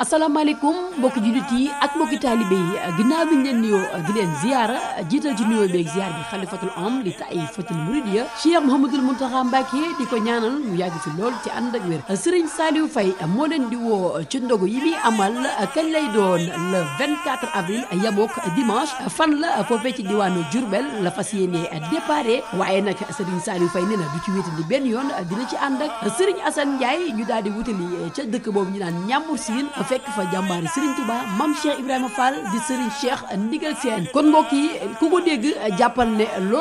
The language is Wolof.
asalaamaaleykum mbokki jullit yi ak mbokki taalibe yi ginnaaw bi ñu leen nuyoo di leen ziyaara jiital ci nuyoo beeg ziyaar bi xalifatul am li taifatul muridiya Cheikh Mouhamadoul Mountakha Mbacké di ko ñaanal mu yàgg si lool ci ànd ak wér Serigne Saliou Faye moo leen di woo ci ndogu yi muy amal kañ lay doon le 24 avril yabook dimanche fan la foofee ci diwaanu Diourbel la fas yéenee déparé waaye nag Serigne Saliou Faye nee na du ci wéetali benn yoon dina ci ànd ak Serigne Assane Ndiaye ñu daal di wutali ca dëkk boobu ñu naan Ñàmbur fekk fa jàmbaari Serigne Touba Mame Cheikh Ibrahima Fall di Serigne Cheikh Ndigal Sène kon mbokk yi ku ko dégg jàppal ne loolu